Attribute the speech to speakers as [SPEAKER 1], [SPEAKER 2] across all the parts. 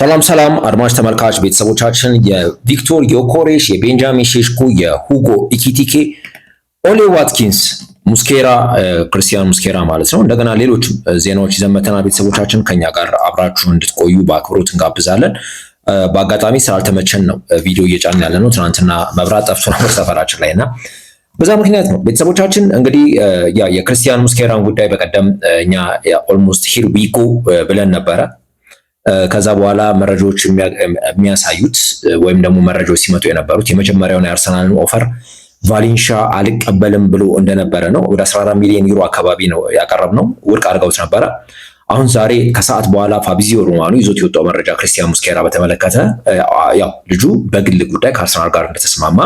[SPEAKER 1] ሰላም ሰላም አድማጭ ተመልካች ቤተሰቦቻችን የቪክቶር ዮኮሬሽ፣ የቤንጃሚን ሼሽኩ፣ የሁጎ ኢኪቲኬ፣ ኦሌ ዋትኪንስ፣ ሙስኬራ ክርስቲያን ሙስኬራ ማለት ነው። እንደገና ሌሎች ዜናዎች ይዘመተና ቤተሰቦቻችን ከኛ ጋር አብራችሁ እንድትቆዩ በአክብሮት እንጋብዛለን። በአጋጣሚ ስላልተመቸን ነው ቪዲዮ እየጫን ያለ ነው። ትናንትና መብራት ጠፍቶ ነበር ሰፈራችን ላይ እና በዛ ምክንያት ነው ቤተሰቦቻችን እንግዲህ የክርስቲያን ሙስኬራን ጉዳይ በቀደም እኛ ኦልሞስት ሂር ዊጎ ብለን ነበረ ከዛ በኋላ መረጃዎች የሚያሳዩት ወይም ደግሞ መረጃዎች ሲመጡ የነበሩት የመጀመሪያውን የአርሰናልን ኦፈር ቫሊንሻ አልቀበልም ብሎ እንደነበረ ነው። ወደ 14 ሚሊዮን ዩሮ አካባቢ ነው ነው ውድቅ አድርገውት ነበረ። አሁን ዛሬ ከሰዓት በኋላ ፋቢዚዮ ሮማኖ ይዞት የወጣው መረጃ ክርስቲያን ሙስኬራ በተመለከተ ያው ልጁ በግል ጉዳይ ከአርሰናል ጋር እንደተስማማ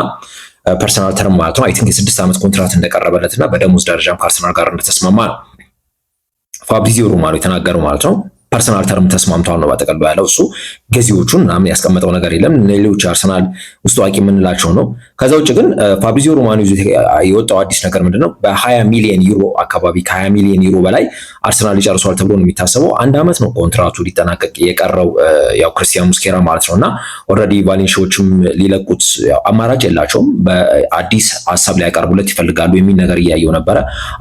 [SPEAKER 1] ፐርሰናል ተርም ማለት ነው አይ ቲንክ የስድስት ዓመት ኮንትራት እንደቀረበለት እና በደሞዝ ደረጃም ከአርሰናል ጋር እንደተስማማ ነው ፋብሪዚዮ ሮማኖ የተናገረው ማለት ነው። ፐርሰናል ተርም ተስማምተዋል ነው በጠቀል ያለው እሱ ገዚዎቹን ምናምን ያስቀመጠው ነገር የለም። ሌሎች አርሰናል ውስጥ ታዋቂ የምንላቸው ነው። ከዛ ውጭ ግን ፋብሪዚዮ ሮማኖ የወጣው አዲስ ነገር ምንድነው? በ20 ሚሊዮን ዩሮ አካባቢ ከ20 ሚሊዮን ዩሮ በላይ አርሰናል ይጨርሷል ተብሎ ነው የሚታሰበው። አንድ ዓመት ነው ኮንትራቱ ሊጠናቀቅ የቀረው ያው ክርስቲያን ሙስኬራ ማለት ነው እና ኦልሬዲ ቫሌንሺዎችም ሊለቁት አማራጭ የላቸውም። በአዲስ ሀሳብ ሊያቀርቡለት ይፈልጋሉ የሚል ነገር እያየው ነበረ።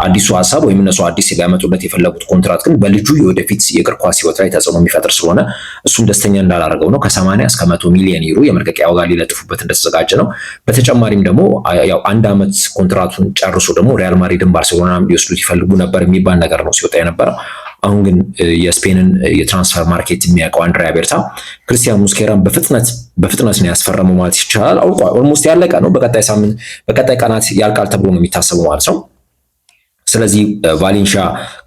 [SPEAKER 1] አዲሱ ሀሳብ ወይም እነሱ አዲስ ሊያመጡለት የፈለጉት ኮንትራት ግን በልጁ የወደፊት የእግር ኳስ በራስ ህይወት ላይ ተጽዕኖ የሚፈጥር ስለሆነ እሱም ደስተኛ እንዳላደርገው ነው። ከሰማንያ እስከ መቶ ሚሊዮን ዩሮ የመልቀቂያ ዋጋ ሊለጥፉበት እንደተዘጋጀ ነው። በተጨማሪም ደግሞ ያው አንድ ዓመት ኮንትራቱን ጨርሶ ደግሞ ሪያል ማድሪድን ባርሴሎና ሊወስዱት ይፈልጉ ነበር የሚባል ነገር ነው ሲወጣ የነበረው። አሁን ግን የስፔንን የትራንስፈር ማርኬት የሚያውቀው አንድሪያ ቤርታ ክርስቲያን ሙስኬራን በፍጥነት በፍጥነት ነው ያስፈረመው ማለት ይቻላል። አውቋል። ኦልሞስት ያለቀ ነው። በቀጣይ ሳምንት በቀጣይ ቀናት ያልቃል ተብሎ ነው የሚታሰበው ማለት ነው። ስለዚህ ቫሌንሻ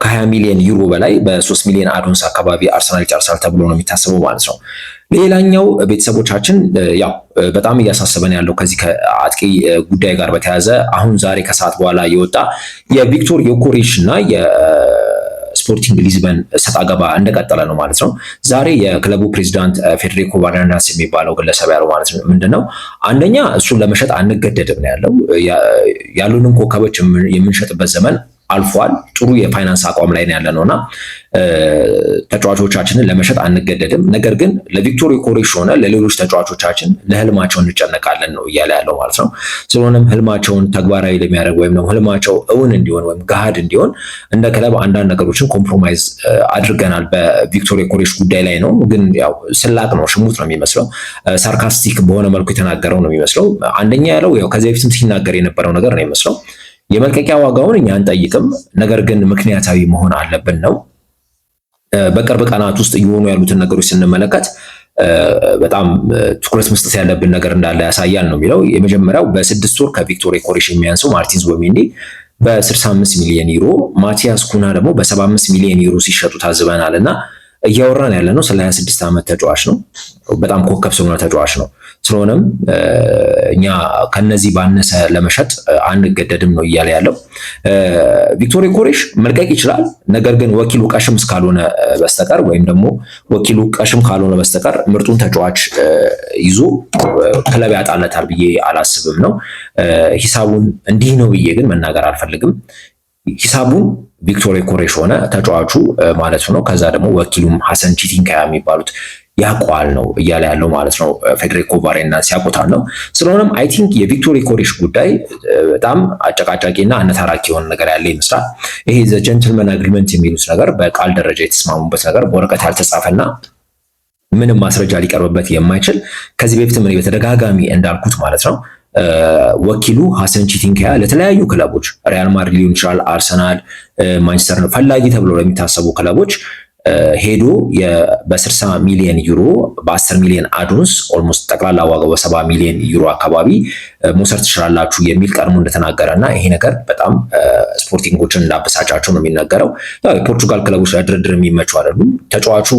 [SPEAKER 1] ከ20 ሚሊዮን ዩሮ በላይ በ3 ሚሊዮን አዶንስ አካባቢ አርሰናል ይጨርሳል ተብሎ ነው የሚታሰበው ማለት ነው። ሌላኛው ቤተሰቦቻችን ያው በጣም እያሳሰበን ያለው ከዚህ ከአጥቂ ጉዳይ ጋር በተያያዘ አሁን ዛሬ ከሰዓት በኋላ የወጣ የቪክቶር ዮኮሬሽ እና ስፖርቲንግ ሊዝበን ሰጣ ገባ እንደቀጠለ ነው ማለት ነው። ዛሬ የክለቡ ፕሬዚዳንት ፌዴሪኮ ባርናስ የሚባለው ግለሰብ ያለው ማለት ነው ምንድን ነው አንደኛ እሱን ለመሸጥ አንገደድም ነው ያለው። ያሉንን ኮከቦች የምንሸጥበት ዘመን አልፏል። ጥሩ የፋይናንስ አቋም ላይ ያለ ነው እና ተጫዋቾቻችንን ለመሸጥ አንገደድም። ነገር ግን ለቪክቶሪ ኮሬሽ ሆነ ለሌሎች ተጫዋቾቻችን ለህልማቸው እንጨነቃለን ነው እያለ ያለው ማለት ነው። ስለሆነም ህልማቸውን ተግባራዊ ለሚያደርግ ወይም ደግሞ ህልማቸው እውን እንዲሆን ወይም ገሃድ እንዲሆን እንደ ክለብ አንዳንድ ነገሮችን ኮምፕሮማይዝ አድርገናል። በቪክቶሪ ኮሬሽ ጉዳይ ላይ ነው። ግን ያው ስላቅ ነው፣ ሽሙጥ ነው የሚመስለው። ሳርካስቲክ በሆነ መልኩ የተናገረው ነው የሚመስለው። አንደኛ ያለው ከዚህ በፊትም ሲናገር የነበረው ነገር ነው የሚመስለው የመልቀቂያ ዋጋውን እኛ አንጠይቅም። ነገር ግን ምክንያታዊ መሆን አለብን ነው። በቅርብ ቀናት ውስጥ እየሆኑ ያሉትን ነገሮች ስንመለከት በጣም ትኩረት መስጠት ያለብን ነገር እንዳለ ያሳያል ነው የሚለው። የመጀመሪያው በስድስት ወር ከቪክቶር ኮሬሽ የሚያንሰው ማርቲን ዙቢሜንዲ በ65 ሚሊዮን ዩሮ፣ ማቲያስ ኩና ደግሞ በ75 ሚሊዮን ዩሮ ሲሸጡ ታዝበናል እና እያወራን ያለ ነው ስለ 26 ዓመት ተጫዋች ነው። በጣም ኮከብ ስለሆነ ተጫዋች ነው። ስለሆነም እኛ ከነዚህ ባነሰ ለመሸጥ አንገደድም ነው እያለ ያለው። ቪክቶሪ ኮሬሽ መልቀቅ ይችላል። ነገር ግን ወኪሉ ቀሽም እስካልሆነ በስተቀር ወይም ደግሞ ወኪሉ ቀሽም ካልሆነ በስተቀር ምርጡን ተጫዋች ይዞ ክለብ ያጣለታል ብዬ አላስብም ነው ሂሳቡን እንዲህ ነው ብዬ ግን መናገር አልፈልግም። ሂሳቡ ቪክቶሪ ኮሬሽ ሆነ ተጫዋቹ ማለት ነው። ከዛ ደግሞ ወኪሉም ሀሰን ቺቲንካያ የሚባሉት ያቋል ነው እያለ ያለው ማለት ነው። ፌዴሪኮ ቫሬናንስ ሲያቆታል ነው። ስለሆነም አይ ቲንክ የቪክቶሪ ኮሬሽ ጉዳይ በጣም አጨቃጫቂና አነታራኪ የሆነ ነገር ያለ ይመስላል። ይሄ ዘ ጀንትልመን አግሪመንት የሚሉት ነገር በቃል ደረጃ የተስማሙበት ነገር በወረቀት ያልተጻፈና ምንም ማስረጃ ሊቀርብበት የማይችል ከዚህ በፊትም እኔ በተደጋጋሚ እንዳልኩት ማለት ነው ወኪሉ ሀሰን ቺቲንካያ ለተለያዩ ክለቦች ሪያል ማድሪድ ሊሆን ይችላል፣ አርሰናል፣ ማንቸስተር ፈላጊ ተብሎ ለሚታሰቡ ክለቦች ሄዶ በ60 ሚሊዮን ዩሮ በ10 ሚሊዮን አዶንስ ኦልሞስት ጠቅላላ ዋጋው በ70 ሚሊዮን ዩሮ አካባቢ መውሰድ ትችላላችሁ የሚል ቀድሞ እንደተናገረ እና ይሄ ነገር በጣም ስፖርቲንጎችን እንዳበሳጫቸው ነው የሚነገረው። የፖርቹጋል ክለቦች ለድርድር የሚመቹ አይደሉም። ተጫዋቹ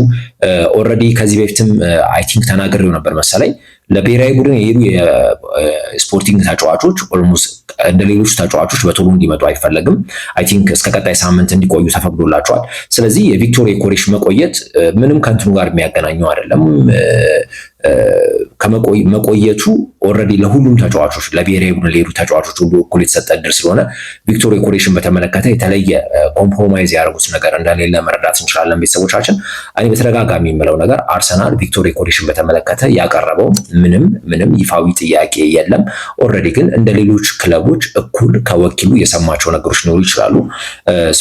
[SPEAKER 1] ኦልሬዲ ከዚህ በፊትም አይ ቲንክ ተናግሬው ነበር መሰለኝ ለብሔራዊ ቡድን የሄዱ የስፖርቲንግ ተጫዋቾች ኦልሞስት እንደ ሌሎች ተጫዋቾች በቶሎ እንዲመጡ አይፈለግም። አይ ቲንክ እስከ ቀጣይ ሳምንት እንዲቆዩ ተፈቅዶላቸዋል። ስለዚህ የቪክቶር ኮሬሽ መቆየት ምንም ከንትኑ ጋር የሚያገናኘው አይደለም። ከመቆየቱ ኦልሬዲ ለሁሉም ተጫዋቾች ለብሔራዊ ቡድን ለሄዱ ተጫዋቾች ሁሉ እኩል የተሰጠ እድል ስለሆነ ቪክቶሪ ኮሬሽን በተመለከተ የተለየ ኮምፕሮማይዝ ያደረጉት ነገር እንደሌለ መረዳት እንችላለን። ቤተሰቦቻችን እኔ በተደጋጋሚ የምለው ነገር አርሰናል ቪክቶሪ ኮሬሽን በተመለከተ ያቀረበው ምንም ምንም ይፋዊ ጥያቄ የለም። ኦልሬዲ ግን እንደ ሌሎች ክለቦች እኩል ከወኪሉ የሰማቸው ነገሮች ሊኖሩ ይችላሉ።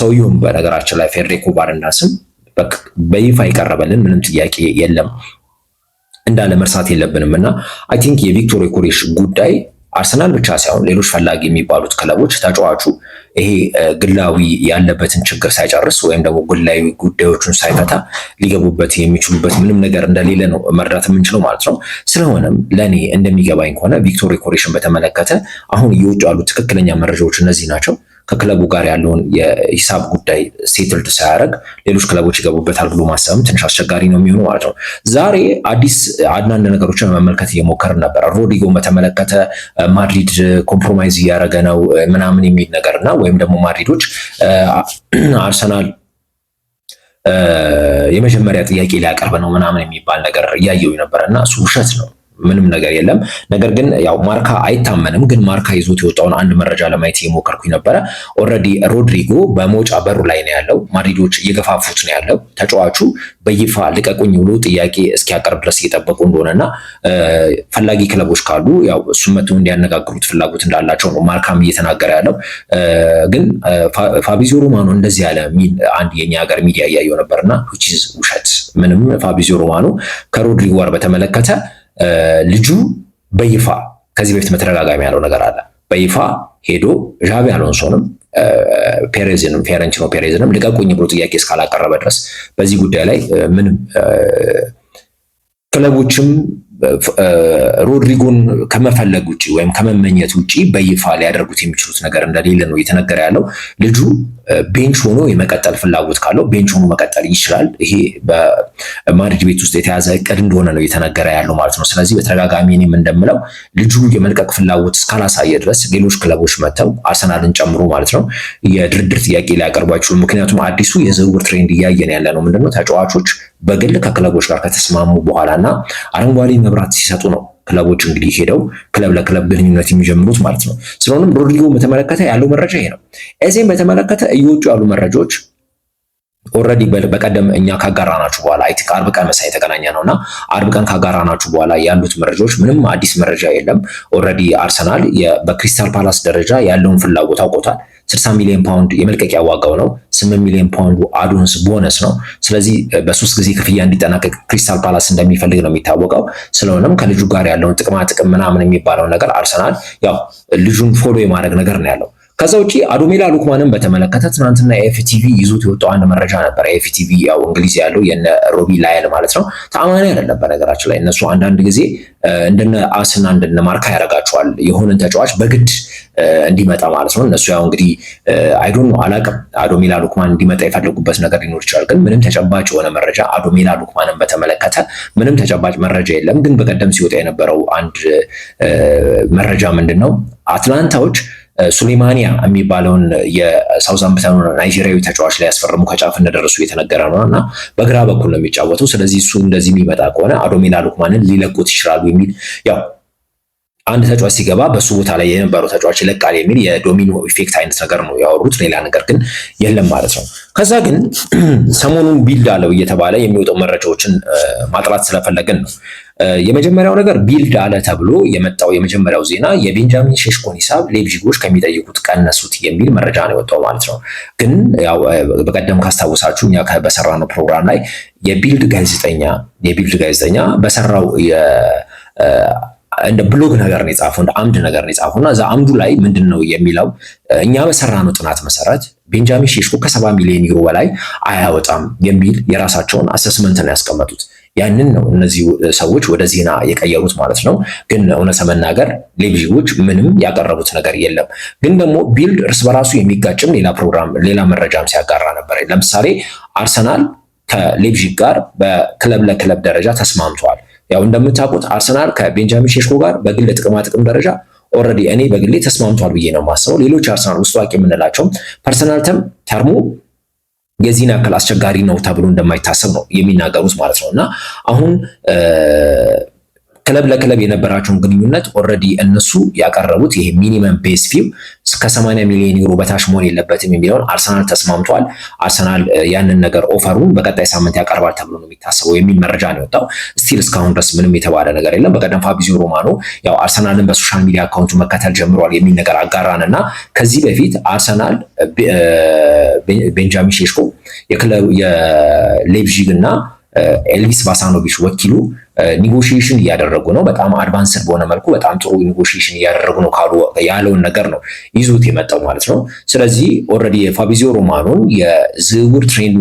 [SPEAKER 1] ሰውየውም በነገራችን ላይ ፌዴሪኮ ባርናስም በይፋ የቀረበልን ምንም ጥያቄ የለም። እንዳለ መርሳት የለብንም እና አይ ቲንክ የቪክቶር ዮኬሬሽ ጉዳይ አርሰናል ብቻ ሳይሆን ሌሎች ፈላጊ የሚባሉት ክለቦች ተጫዋቹ ይሄ ግላዊ ያለበትን ችግር ሳይጨርስ ወይም ደግሞ ግላዊ ጉዳዮቹን ሳይፈታ ሊገቡበት የሚችሉበት ምንም ነገር እንደሌለ ነው መረዳት የምንችለው ማለት ነው። ስለሆነም ለእኔ እንደሚገባኝ ከሆነ ቪክቶር ዮኬሬሽን በተመለከተ አሁን እየወጡ ያሉ ትክክለኛ መረጃዎች እነዚህ ናቸው። ከክለቡ ጋር ያለውን የሂሳብ ጉዳይ ሴትልድ ሳያደርግ ሌሎች ክለቦች ይገቡበታል ብሎ ማሰብም ትንሽ አስቸጋሪ ነው የሚሆኑ ማለት ነው። ዛሬ አዲስ አንዳንድ ነገሮችን መመልከት እየሞከርን ነበረ። ሮድሪጎን በተመለከተ ማድሪድ ኮምፕሮማይዝ እያደረገ ነው ምናምን የሚል ነገር እና ወይም ደግሞ ማድሪዶች አርሰናል የመጀመሪያ ጥያቄ ሊያቀርብ ነው ምናምን የሚባል ነገር እያየው ነበረ እና እሱ ውሸት ነው ምንም ነገር የለም። ነገር ግን ያው ማርካ አይታመንም፣ ግን ማርካ ይዞት የወጣውን አንድ መረጃ ለማየት እየሞከርኩኝ ነበረ። ኦልሬዲ ሮድሪጎ በመውጫ በሩ ላይ ነው ያለው። ማድሪዶች እየገፋፉት ነው ያለው። ተጫዋቹ በይፋ ልቀቁኝ ብሎ ጥያቄ እስኪያቀርብ ድረስ እየጠበቁ እንደሆነና ፈላጊ ክለቦች ካሉ ያው እሱ መተው እንዲያነጋግሩት ፍላጎት እንዳላቸው ነው ማርካም እየተናገረ ያለው። ግን ፋቢዚዮ ሮማኖ እንደዚህ ያለ አንድ የኛ ሀገር ሚዲያ እያየው ነበርና ውሸት ምንም ፋቢዚዮ ሮማኖ ከሮድሪጎ ጋር በተመለከተ ልጁ በይፋ ከዚህ በፊት በተደጋጋሚ ያለው ነገር አለ። በይፋ ሄዶ ዣቢ አሎንሶንም ፔሬዝንም ፊዮረንቲኖ ፔሬዝንም ልቀቁኝ ብሎ ጥያቄ እስካላቀረበ ድረስ በዚህ ጉዳይ ላይ ምንም ክለቦችም ሮድሪጎን ከመፈለግ ውጭ ወይም ከመመኘት ውጭ በይፋ ሊያደርጉት የሚችሉት ነገር እንደሌለ ነው እየተነገረ ያለው። ልጁ ቤንች ሆኖ የመቀጠል ፍላጎት ካለው ቤንች ሆኖ መቀጠል ይችላል። ይሄ በማድሪድ ቤት ውስጥ የተያዘ እቅድ እንደሆነ ነው እየተነገረ ያለው ማለት ነው። ስለዚህ በተደጋጋሚ እኔም እንደምለው ልጁ የመልቀቅ ፍላጎት እስካላሳየ ድረስ ሌሎች ክለቦች መጥተው አርሰናልን ጨምሮ ማለት ነው የድርድር ጥያቄ ሊያቀርቧቸው፣ ምክንያቱም አዲሱ የዝውውር ትሬንድ እያየን ያለ ነው ምንድነው ተጫዋቾች በግል ከክለቦች ጋር ከተስማሙ በኋላ እና አረንጓዴ መብራት ሲሰጡ ነው ክለቦች እንግዲህ ሄደው ክለብ ለክለብ ግንኙነት የሚጀምሩት ማለት ነው። ስለሆነም ሮድሪጎን በተመለከተ ያለው መረጃ ይሄ ነው። እዚህም በተመለከተ እየወጡ ያሉ መረጃዎች ኦልሬዲ በቀደም እኛ ካጋራናችሁ በኋላ አይ ቲንክ አርብ ቀን መሳይ የተገናኘ ነው እና አርብ ቀን ካጋራናችሁ በኋላ ያሉት መረጃዎች ምንም አዲስ መረጃ የለም። ኦልሬዲ አርሰናል በክሪስታል ፓላስ ደረጃ ያለውን ፍላጎት አውቆታል። 60 ሚሊዮን ፓውንድ የመልቀቂያ ዋጋው ነው። 8 ሚሊዮን ፓውንዱ አዱንስ ቦነስ ነው። ስለዚህ በሶስት ጊዜ ክፍያ እንዲጠናቀቅ ክሪስታል ፓላስ እንደሚፈልግ ነው የሚታወቀው። ስለሆነም ከልጁ ጋር ያለውን ጥቅማ ጥቅም ምናምን የሚባለው ነገር አርሰናል ያው ልጁን ፎሎ የማድረግ ነገር ነው ያለው ከዛ ውጪ አዶሜላ ሉክማንን በተመለከተ ትናንትና ኤፍቲቪ ይዞት የወጣው አንድ መረጃ ነበር። ኤፍቲቪ ያው እንግሊዝ ያለው የነ ሮቢ ላይል ማለት ነው። ተአማኒ አይደለም። በነገራችን ላይ እነሱ አንዳንድ ጊዜ እንደነ አስና እንደነ ማርካ ያደርጋቸዋል። የሆነን ተጫዋች በግድ እንዲመጣ ማለት ነው። እነሱ ያው እንግዲህ አይዶን አላቅም። አዶሜላ ሉክማን እንዲመጣ የፈለጉበት ነገር ሊኖር ይችላል። ግን ምንም ተጨባጭ የሆነ መረጃ አዶሜላ ሉክማንን በተመለከተ ምንም ተጨባጭ መረጃ የለም። ግን በቀደም ሲወጣ የነበረው አንድ መረጃ ምንድን ነው አትላንታዎች ሱሌማኒያ የሚባለውን የሳውዛምፕተኑ ናይጄሪያዊ ተጫዋች ላይ ያስፈርሙ ከጫፍ እንደደረሱ እየተነገረ ነው እና በግራ በኩል ነው የሚጫወተው። ስለዚህ እሱ እንደዚህ የሚመጣ ከሆነ አዶሜላ ሉክማንን ሊለቁት ይችላሉ የሚል ያው አንድ ተጫዋች ሲገባ በሱ ቦታ ላይ የነበረው ተጫዋች ይለቃል የሚል የዶሚኖ ኢፌክት አይነት ነገር ነው ያወሩት። ሌላ ነገር ግን የለም ማለት ነው። ከዛ ግን ሰሞኑን ቢልድ አለው እየተባለ የሚወጣው መረጃዎችን ማጥራት ስለፈለግን ነው የመጀመሪያው ነገር ቢልድ አለ ተብሎ የመጣው የመጀመሪያው ዜና የቤንጃሚን ሼሽኮን ሂሳብ ሌብዥጎች ከሚጠይቁት ቀነሱት የሚል መረጃ ነው የወጣው ማለት ነው። ግን በቀደም ካስታወሳችሁ እኛ በሰራነው ፕሮግራም ላይ የቢልድ ጋዜጠኛ የቢልድ ጋዜጠኛ በሰራው እንደ ብሎግ ነገር ነው የጻፈው እንደ አምድ ነገር ነው የጻፈው እና እዛ አምዱ ላይ ምንድን ነው የሚለው እኛ በሰራነው ጥናት መሰረት ቤንጃሚን ሼሽኮ ከሰባ ሚሊዮን ዩሮ በላይ አያወጣም የሚል የራሳቸውን አሰስመንት ነው ያስቀመጡት። ያንን ነው እነዚህ ሰዎች ወደ ዜና የቀየሩት ማለት ነው። ግን እውነት መናገር ሌቪዎች ምንም ያቀረቡት ነገር የለም። ግን ደግሞ ቢልድ እርስ በራሱ የሚጋጭም ሌላ ፕሮግራም ሌላ መረጃም ሲያጋራ ነበር። ለምሳሌ አርሰናል ከሌቪዥግ ጋር በክለብ ለክለብ ደረጃ ተስማምተዋል። ያው እንደምታውቁት አርሰናል ከቤንጃሚን ሼሽኮ ጋር በግል ጥቅማ ጥቅም ደረጃ ኦልሬዲ እኔ በግሌ ተስማምቷል ብዬ ነው የማስበው። ሌሎች አርሰናል ውስጥ ዋቂ የምንላቸውም ፐርሰናል ተርሙ የዚህን ያክል አስቸጋሪ ነው ተብሎ እንደማይታሰብ ነው የሚናገሩት ማለት ነው እና አሁን ክለብ ለክለብ የነበራቸውን ግንኙነት ኦልሬዲ እነሱ ያቀረቡት ይሄ ሚኒመም ፔስ ፊው እስከ 80 ሚሊዮን ዩሮ በታች መሆን የለበትም የሚለውን አርሰናል ተስማምቷል። አርሰናል ያንን ነገር ኦፈሩን በቀጣይ ሳምንት ያቀርባል ተብሎ ነው የሚታሰበው የሚል መረጃ ነው የወጣው። ስቲል እስካሁን ድረስ ምንም የተባለ ነገር የለም። በቀደም ፋብሪዚዮ ሮማኖ ያው አርሰናልን በሶሻል ሚዲያ አካውንቱ መከተል ጀምሯል የሚል ነገር አጋራን እና ከዚህ በፊት አርሰናል ቤንጃሚን ሼሽኮ የክለብ የሌብዥግ እና ኤልቪስ ባሳኖቪች ወኪሉ ኒጎሽዬሽን እያደረጉ ነው፣ በጣም አድቫንስድ በሆነ መልኩ በጣም ጥሩ ኒጎሽሽን እያደረጉ ነው ካሉ ያለውን ነገር ነው ይዞት የመጣው ማለት ነው። ስለዚህ ኦልሬዲ የፋብሪዚዮ ሮማኖን የዝውውር ትሬንድ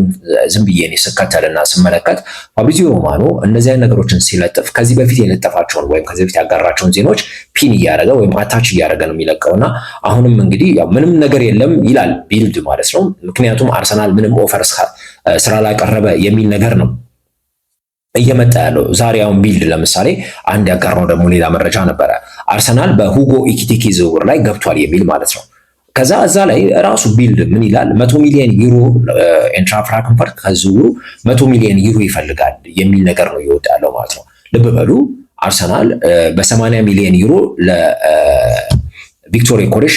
[SPEAKER 1] ዝም ብዬ ስከተልና ስመለከት ፋብሪዚዮ ሮማኖ እነዚህ አይነት ነገሮችን ሲለጥፍ ከዚህ በፊት የለጠፋቸውን ወይም ከዚህ በፊት ያጋራቸውን ዜናዎች ፒን እያደረገ ወይም አታች እያደረገ ነው የሚለቀውና አሁንም እንግዲህ ምንም ነገር የለም ይላል ቢልድ ማለት ነው። ምክንያቱም አርሰናል ምንም ኦፈር ስራ ቀረበ የሚል ነገር ነው እየመጣ ያለው ዛሬ አሁን ቢልድ ለምሳሌ አንድ ያጋራው ደግሞ ሌላ መረጃ ነበረ። አርሰናል በሁጎ ኢኪቲኪ ዝውውር ላይ ገብቷል የሚል ማለት ነው። ከዛ እዛ ላይ ራሱ ቢልድ ምን ይላል? መቶ ሚሊዮን ዩሮ ኤንትራ ፍራንክፈርት ከዝውውሩ መቶ ሚሊዮን ዩሮ ይፈልጋል የሚል ነገር ነው እየወጣ ያለው ማለት ነው። ልብ በሉ አርሰናል በ በሰማንያ ሚሊዮን ዩሮ ለቪክቶር ዮኬሬሽ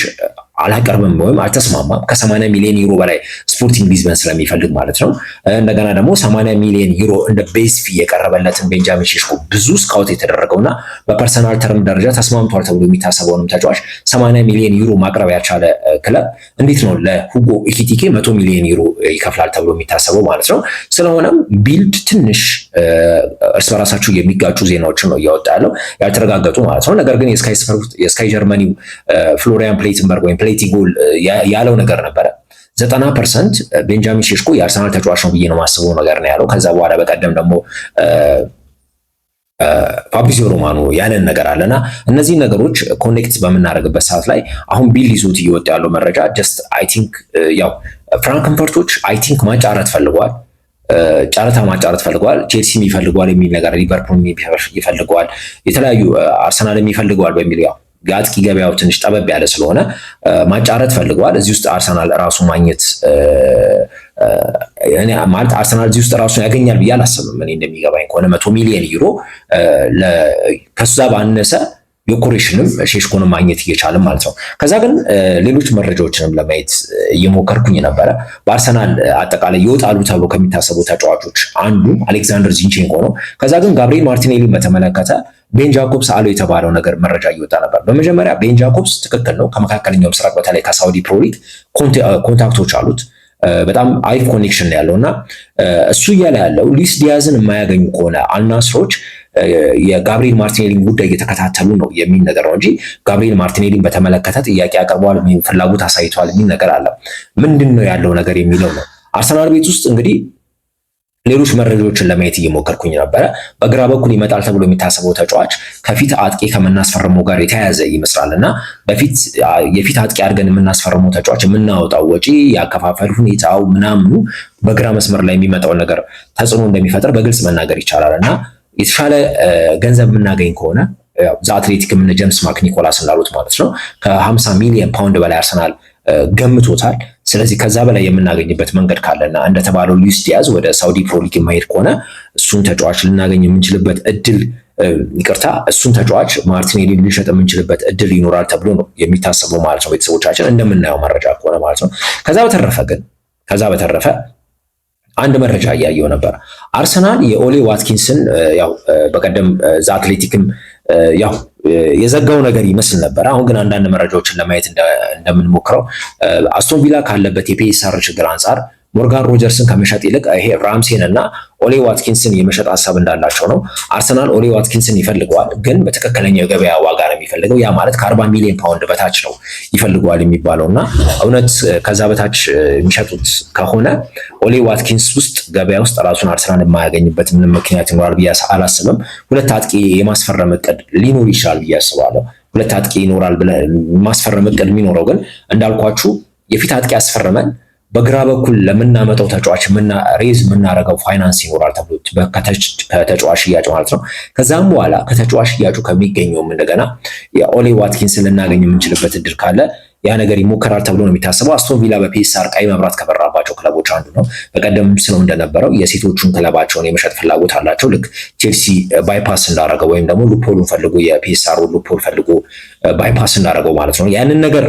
[SPEAKER 1] አላቀርብም ወይም አልተስማማም ከ80 ሚሊዮን ዩሮ በላይ ስፖርቲንግ ሊዝበን ስለሚፈልግ ማለት ነው። እንደገና ደግሞ 80 ሚሊዮን ዩሮ እንደ ቤዝ ፊ የቀረበለትን ቤንጃሚን ሼሽኮ ብዙ ስካውት የተደረገውና በፐርሰናል ተርም ደረጃ ተስማምቷል ተብሎ የሚታሰበውንም ተጫዋች 80 ሚሊዮን ዩሮ ማቅረብ ያልቻለ ክለብ እንዴት ነው ለሁጎ ኢኪቲኬ 100 ሚሊዮን ዩሮ ይከፍላል ተብሎ የሚታሰበው ማለት ነው። ስለሆነም ቢልድ ትንሽ እርስ በራሳቸው የሚጋጩ ዜናዎችን ነው እያወጣ ያለው ያልተረጋገጡ ማለት ነው። ነገር ግን የስካይ ጀርመኒው ፍሎሪያን ፕሌትንበርግ ወይም ስካሌቲ ጎል eh, ያለው ነገር ነበረ። ዘጠና ፐርሰንት ቤንጃሚን ሼሽኮ የአርሰናል ተጫዋች ነው ብዬ ነው ማስበው ነገር ነው ያለው። ከዛ በኋላ በቀደም ደግሞ ፋብሪዚዮ ሮማኖ ያለን ነገር አለና እነዚህ ነገሮች ኮኔክት በምናደርግበት ሰዓት ላይ አሁን ቢል ይዞት እየወጣ ያለው መረጃ ጀስት አይ ቲንክ ያው ፍራንክንፈርቶች አይ ቲንክ ማጫረት ፈልጓል ጨረታ ማጫረት ፈልገዋል፣ ቼልሲም ይፈልገዋል የሚል ነገር ሊቨርፑል ይፈልገዋል፣ የተለያዩ አርሰናልም ይፈልገዋል በሚል ያው የአጥቂ ገበያው ትንሽ ጠበብ ያለ ስለሆነ ማጫረት ፈልገዋል። እዚህ ውስጥ አርሰናል ራሱ ማግኘት ማለት አርሰናል እዚህ ውስጥ ራሱን ያገኛል ብዬ አላሰብም። እኔ እንደሚገባኝ ከሆነ መቶ ሚሊዮን ዩሮ ከዛ ባነሰ የኮሬሽንም ሼሽኮንም ማግኘት እየቻለም ማለት ነው። ከዛ ግን ሌሎች መረጃዎችንም ለማየት እየሞከርኩኝ ነበረ። በአርሰናል አጠቃላይ ይወጣሉ ተብሎ ከሚታሰቡ ተጫዋቾች አንዱ አሌክዛንደር ዚንቼንኮ ነው። ከዛ ግን ጋብሪኤል ማርቲኔሊን በተመለከተ ቤን ጃኮብስ አለው የተባለው ነገር መረጃ እየወጣ ነበር። በመጀመሪያ ቤን ጃኮብስ ትክክል ነው። ከመካከለኛው ምስራቅ በተለይ ከሳውዲ ፕሮሊግ ኮንታክቶች አሉት። በጣም አሪፍ ኮኔክሽን ያለው እና እሱ እያለ ያለው ሊስ ዲያዝን የማያገኙ ከሆነ አልናስሮች የጋብሪኤል ማርቲኔሊን ጉዳይ እየተከታተሉ ነው የሚል ነገር ነው እንጂ ጋብሪኤል ማርቲኔሊን በተመለከተ ጥያቄ አቅርበዋል፣ ፍላጎት አሳይተዋል የሚል ነገር አለ። ምንድን ነው ያለው ነገር የሚለው ነው። አርሰናል ቤት ውስጥ እንግዲህ ሌሎች መረጃዎችን ለማየት እየሞከርኩኝ ነበረ። በግራ በኩል ይመጣል ተብሎ የሚታሰበው ተጫዋች ከፊት አጥቂ ከምናስፈርመው ጋር የተያያዘ ይመስላል እና በፊት የፊት አጥቂ አድርገን የምናስፈርመው ተጫዋች የምናወጣው ወጪ፣ የአከፋፈል ሁኔታው ምናምኑ በግራ መስመር ላይ የሚመጣውን ነገር ተጽዕኖ እንደሚፈጥር በግልጽ መናገር ይቻላል እና የተሻለ ገንዘብ የምናገኝ ከሆነ ዛ አትሌቲክ ምን ጀምስ ማክ ኒኮላስ እንዳሉት ማለት ነው ከ50 ሚሊዮን ፓውንድ በላይ አርሰናል ገምቶታል። ስለዚህ ከዛ በላይ የምናገኝበት መንገድ ካለና እንደተባለው ሉዊስ ዲያዝ ወደ ሳውዲ ፕሮሊግ የማሄድ ከሆነ እሱን ተጫዋች ልናገኝ የምንችልበት እድል ይቅርታ እሱን ተጫዋች ማርቲኔሊ ልንሸጥ የምንችልበት እድል ይኖራል ተብሎ ነው የሚታሰበው ማለት ነው። ቤተሰቦቻችን እንደምናየው መረጃ ከሆነ ማለት ነው። ከዛ በተረፈ ግን ከዛ በተረፈ አንድ መረጃ እያየው ነበር። አርሰናል የኦሊ ዋትኪንስን ያው በቀደም ዘ አትሌቲክም ያው የዘጋው ነገር ይመስል ነበር። አሁን ግን አንዳንድ መረጃዎችን ለማየት እንደምንሞክረው አስቶን ቪላ ካለበት የፒኤስአር ችግር አንጻር ሞርጋን ሮጀርስን ከመሸጥ ይልቅ ይሄ ራምሴን እና ኦሌ ዋትኪንስን የመሸጥ ሀሳብ እንዳላቸው ነው። አርሰናል ኦሌ ዋትኪንስን ይፈልገዋል፣ ግን በትክክለኛው የገበያ ዋጋ ነው የሚፈልገው። ያ ማለት ከአርባ ሚሊዮን ፓውንድ በታች ነው ይፈልገዋል የሚባለው እና እውነት ከዛ በታች የሚሸጡት ከሆነ ኦሌ ዋትኪንስ ውስጥ ገበያ ውስጥ ራሱን አርሰናል የማያገኝበት ምንም ምክንያት ይኖራል ብዬ አላስብም። ሁለት አጥቂ የማስፈረም እቅድ ሊኖር ይችላል ብዬ አስባለሁ። ሁለት አጥቂ ይኖራል ብለህ የማስፈረም እቅድ የሚኖረው ግን እንዳልኳችሁ የፊት አጥቂ አስፈርመን? በግራ በኩል ለምናመጣው ተጫዋች ምና ሬዝ የምናደርገው ፋይናንስ ይኖራል ተብሎ ከተጫዋች ሽያጩ ማለት ነው። ከዛም በኋላ ከተጫዋች ሽያጩ ከሚገኘውም እንደገና የኦሊ ዋትኪንስ ልናገኝ የምንችልበት እድል ካለ ያ ነገር ይሞከራል ተብሎ ነው የሚታሰበው። አስቶን ቪላ በፒኤስአር ቀይ መብራት ከበራባቸው ክለቦች አንዱ ነው። በቀደም ስለው እንደነበረው የሴቶቹን ክለባቸውን የመሸጥ ፍላጎት አላቸው። ልክ ቼልሲ ባይፓስ እንዳደረገው ወይም ደግሞ ሉፖሉን ፈልጎ የፒኤስአር ሉፖል ፈልጎ ባይፓስ እንዳደረገው ማለት ነው። ያንን ነገር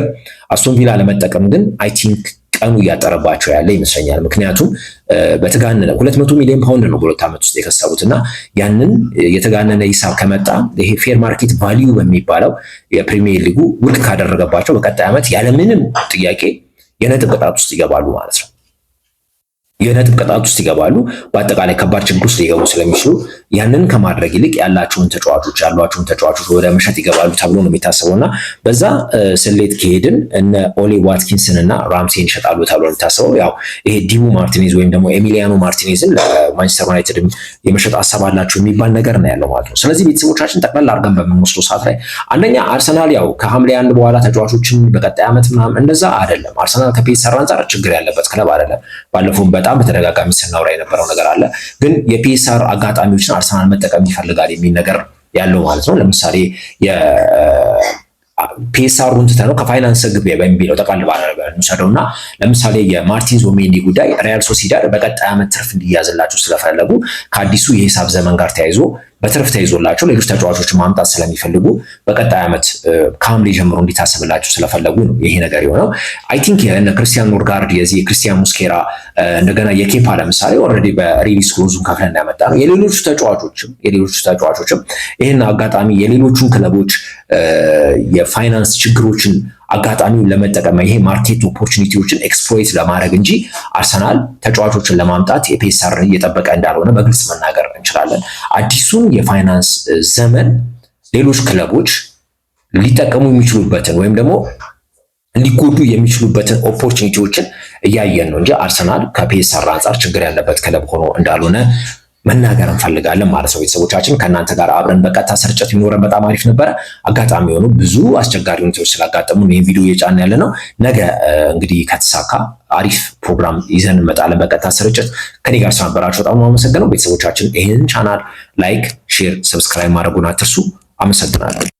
[SPEAKER 1] አስቶን ቪላ ለመጠቀም ግን አይ ቲንክ ቀኑ እያጠረባቸው ያለ ይመስለኛል። ምክንያቱም በተጋነነ ሁለት መቶ ሚሊዮን ፓውንድ ነው በሁለት ዓመት ውስጥ የከሰሩት እና ያንን የተጋነነ ሂሳብ ከመጣ ይሄ ፌር ማርኬት ቫሊዩ በሚባለው የፕሪሚየር ሊጉ ውድቅ ካደረገባቸው በቀጣይ ዓመት ያለምንም ጥያቄ የነጥብ ቅጣት ውስጥ ይገባሉ ማለት ነው። የነጥብ ቅጣት ውስጥ ይገባሉ። በአጠቃላይ ከባድ ችግር ውስጥ ሊገቡ ስለሚችሉ ያንን ከማድረግ ይልቅ ያላቸውን ተጫዋቾች ያሏቸውን ተጫዋቾች ወደ መሸጥ ይገባሉ ተብሎ ነው የሚታሰበው እና በዛ ስሌት ከሄድን እነ ኦሊ ዋትኪንስን እና ራምሴን ይሸጣሉ ተብሎ ነው የሚታሰበው። ያው ይሄ ዲሙ ማርቲኔዝ ወይም ደግሞ ኤሚሊያኖ ማርቲኔዝን ለማንቸስተር ዩናይትድ የመሸጥ ሀሳብ አላቸው የሚባል ነገር ነው ያለው ማለት ነው። ስለዚህ ቤተሰቦቻችን ጠቅላላ አድርገን በምንወስደው ሰዓት ላይ አንደኛ አርሰናል ያው ከሐምሌ አንድ በኋላ ተጫዋቾችን በቀጣይ ዓመት ምናምን እንደዛ አይደለም። አርሰናል ከፒኤስአር አንጻር ችግር ያለበት ክለብ አይደለም። ባለፈውም በጣም በተደጋጋሚ ስናወራ የነበረው ነገር አለ። ግን የፒኤስአር አጋጣሚዎችን አርሰናል መጠቀም ይፈልጋል የሚል ነገር ያለው ማለት ነው። ለምሳሌ ፒኤስአሩን ነው ከፋይናንስ ግብ በሚለው ጠቃል ባደረገ እና ለምሳሌ የማርቲን ዙቢሜንዲ ጉዳይ ሪያል ሶሲዳድ በቀጣይ ዓመት ትርፍ እንዲያዝላቸው ስለፈለጉ ከአዲሱ የሂሳብ ዘመን ጋር ተያይዞ በትርፍ ተይዞላቸው ሌሎች ተጫዋቾች ማምጣት ስለሚፈልጉ በቀጣይ ዓመት ከሐምሌ ጀምሮ እንዲታሰብላቸው ስለፈለጉ ነው ይሄ ነገር የሆነው። አይ ቲንክ የእነ ክርስቲያን ኖርጋርድ የዚህ የክርስቲያን ሙስኬራ እንደገና የኬፓ ለምሳሌ ኦልሬዲ በሪሊስ ክሎዙን ከፍለን ያመጣ ነው። የሌሎቹ ተጫዋቾችም የሌሎቹ ተጫዋቾችም ይህን አጋጣሚ የሌሎቹን ክለቦች የፋይናንስ ችግሮችን አጋጣሚውን ለመጠቀም ይሄ ማርኬት ኦፖርቹኒቲዎችን ኤክስፕሎይት ለማድረግ እንጂ አርሰናል ተጫዋቾችን ለማምጣት የፔሳር እየጠበቀ እንዳልሆነ በግልጽ መናገር እንችላለን። አዲሱን የፋይናንስ ዘመን ሌሎች ክለቦች ሊጠቀሙ የሚችሉበትን ወይም ደግሞ ሊጎዱ የሚችሉበትን ኦፖርቹኒቲዎችን እያየን ነው እንጂ አርሰናል ከፔሳር አንጻር ችግር ያለበት ክለብ ሆኖ እንዳልሆነ መናገር እንፈልጋለን ማለት ነው። ቤተሰቦቻችን ከእናንተ ጋር አብረን በቀጥታ ስርጭት ቢኖረን በጣም አሪፍ ነበረ። አጋጣሚ የሆኑ ብዙ አስቸጋሪ ሁኔታዎች ስላጋጠሙ ይህን ቪዲዮ እየጫን ያለ ነው። ነገ እንግዲህ ከተሳካ አሪፍ ፕሮግራም ይዘን እንመጣለን በቀጥታ ስርጭት። ከኔ ጋር ስለነበራችሁ በጣም አመሰግነው። ቤተሰቦቻችን ይህን ቻናል ላይክ፣ ሼር፣ ሰብስክራይብ ማድረጉን አትርሱ። አመሰግናለሁ።